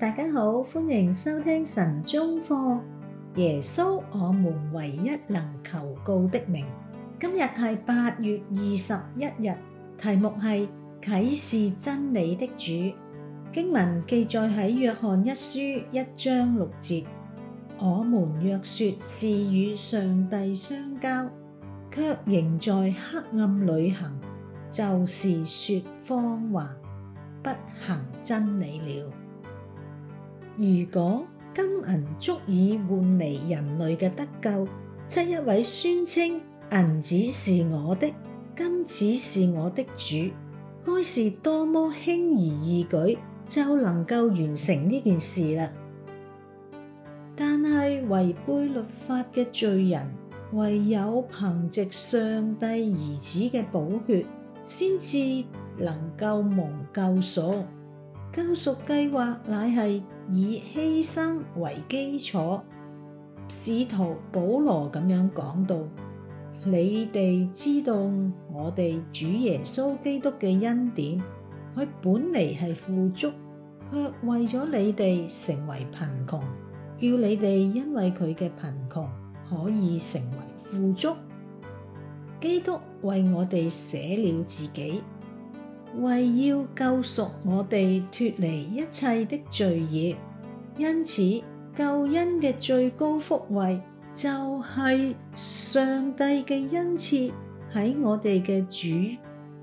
大家好，歡迎收聽神中課。耶穌，我們唯一能求告的名。今日係八月二十一日，題目係啟示真理的主。經文記載喺約翰一書一章六節。我們若說是與上帝相交，卻仍在黑暗裏行，就是說謊話，不行真理了。如果金銀足以換嚟人類嘅得救，則一位宣稱銀子是我的、金子是我的主，該是多麼輕而易舉就能夠完成呢件事啦。但係違背律法嘅罪人，唯有憑藉上帝兒子嘅寶血，先至能夠蒙救贖。救贖計劃乃係，以犧牲為基礎，使徒保羅咁樣講道：你哋知道我哋主耶穌基督嘅恩典，佢本嚟係富足，卻為咗你哋成為貧窮，叫你哋因為佢嘅貧窮可以成為富足。基督為我哋捨了自己。為要救贖我哋脱離一切的罪孽，因此救恩嘅最高福惠就係上帝嘅恩賜喺我哋嘅主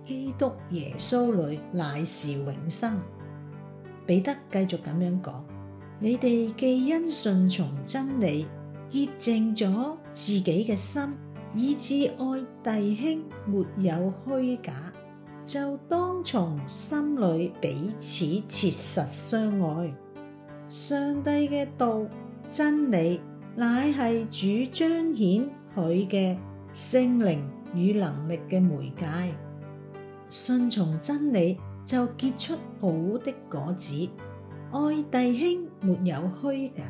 基督耶穌裏乃是永生。彼得繼續咁樣講：你哋既因順從真理潔淨咗自己嘅心，以致愛弟兄沒有虛假。就當從心裏彼此切實相愛。上帝嘅道真理，乃係主彰顯佢嘅聖靈與能力嘅媒介。順從真理就結出好的果子。愛弟兄沒有虛假，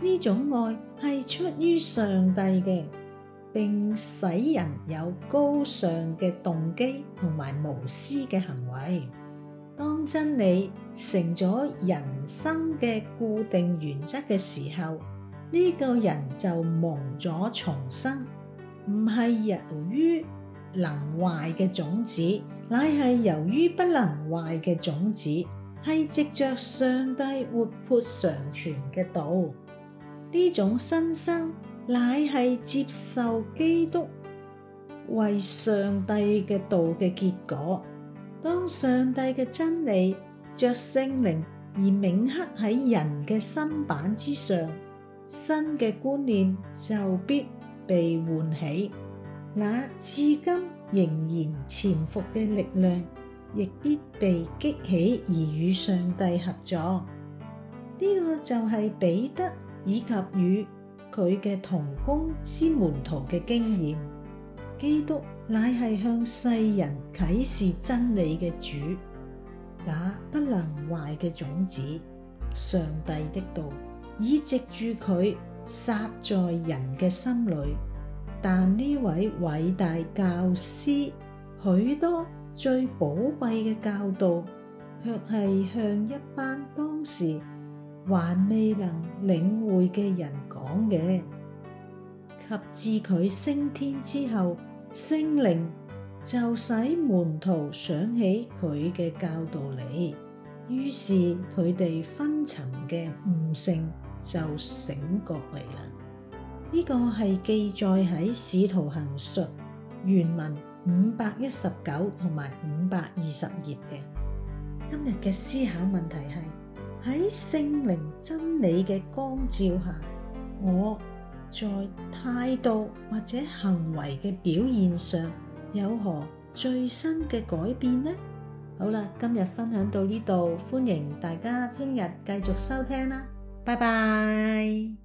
呢種愛係出於上帝嘅。並使人有高尚嘅動機同埋無私嘅行為。當真理成咗人生嘅固定原則嘅時候，呢個人就蒙咗重生。唔係由於能壞嘅種子，乃係由於不能壞嘅種子，係藉着上帝活潑常存嘅道。呢種新生。乃係接受基督為上帝嘅道嘅結果。當上帝嘅真理着聖靈而銘刻喺人嘅心板之上，新嘅觀念就必被喚起，那至今仍然潛伏嘅力量亦必被激起而與上帝合作。呢個就係彼得以及與。佢嘅同工之門徒嘅經驗，基督乃係向世人啟示真理嘅主，那不能壞嘅種子，上帝的道，已藉住佢，撒在人嘅心裏。但呢位偉大教師，許多最寶貴嘅教導，却係向一班當時，還未能領會嘅人講嘅，及至佢升天之後，聖靈就使門徒想起佢嘅教導嚟，於是佢哋分沉嘅悟性就醒過嚟啦。呢、這個係記載喺《使徒行述》原文五百一十九同埋五百二十頁嘅。今日嘅思考問題係：喺聖靈真理嘅光照下，我在態度或者行為嘅表現上有何最新嘅改變呢？好啦，今日分享到呢度，歡迎大家聽日繼續收聽啦，拜拜。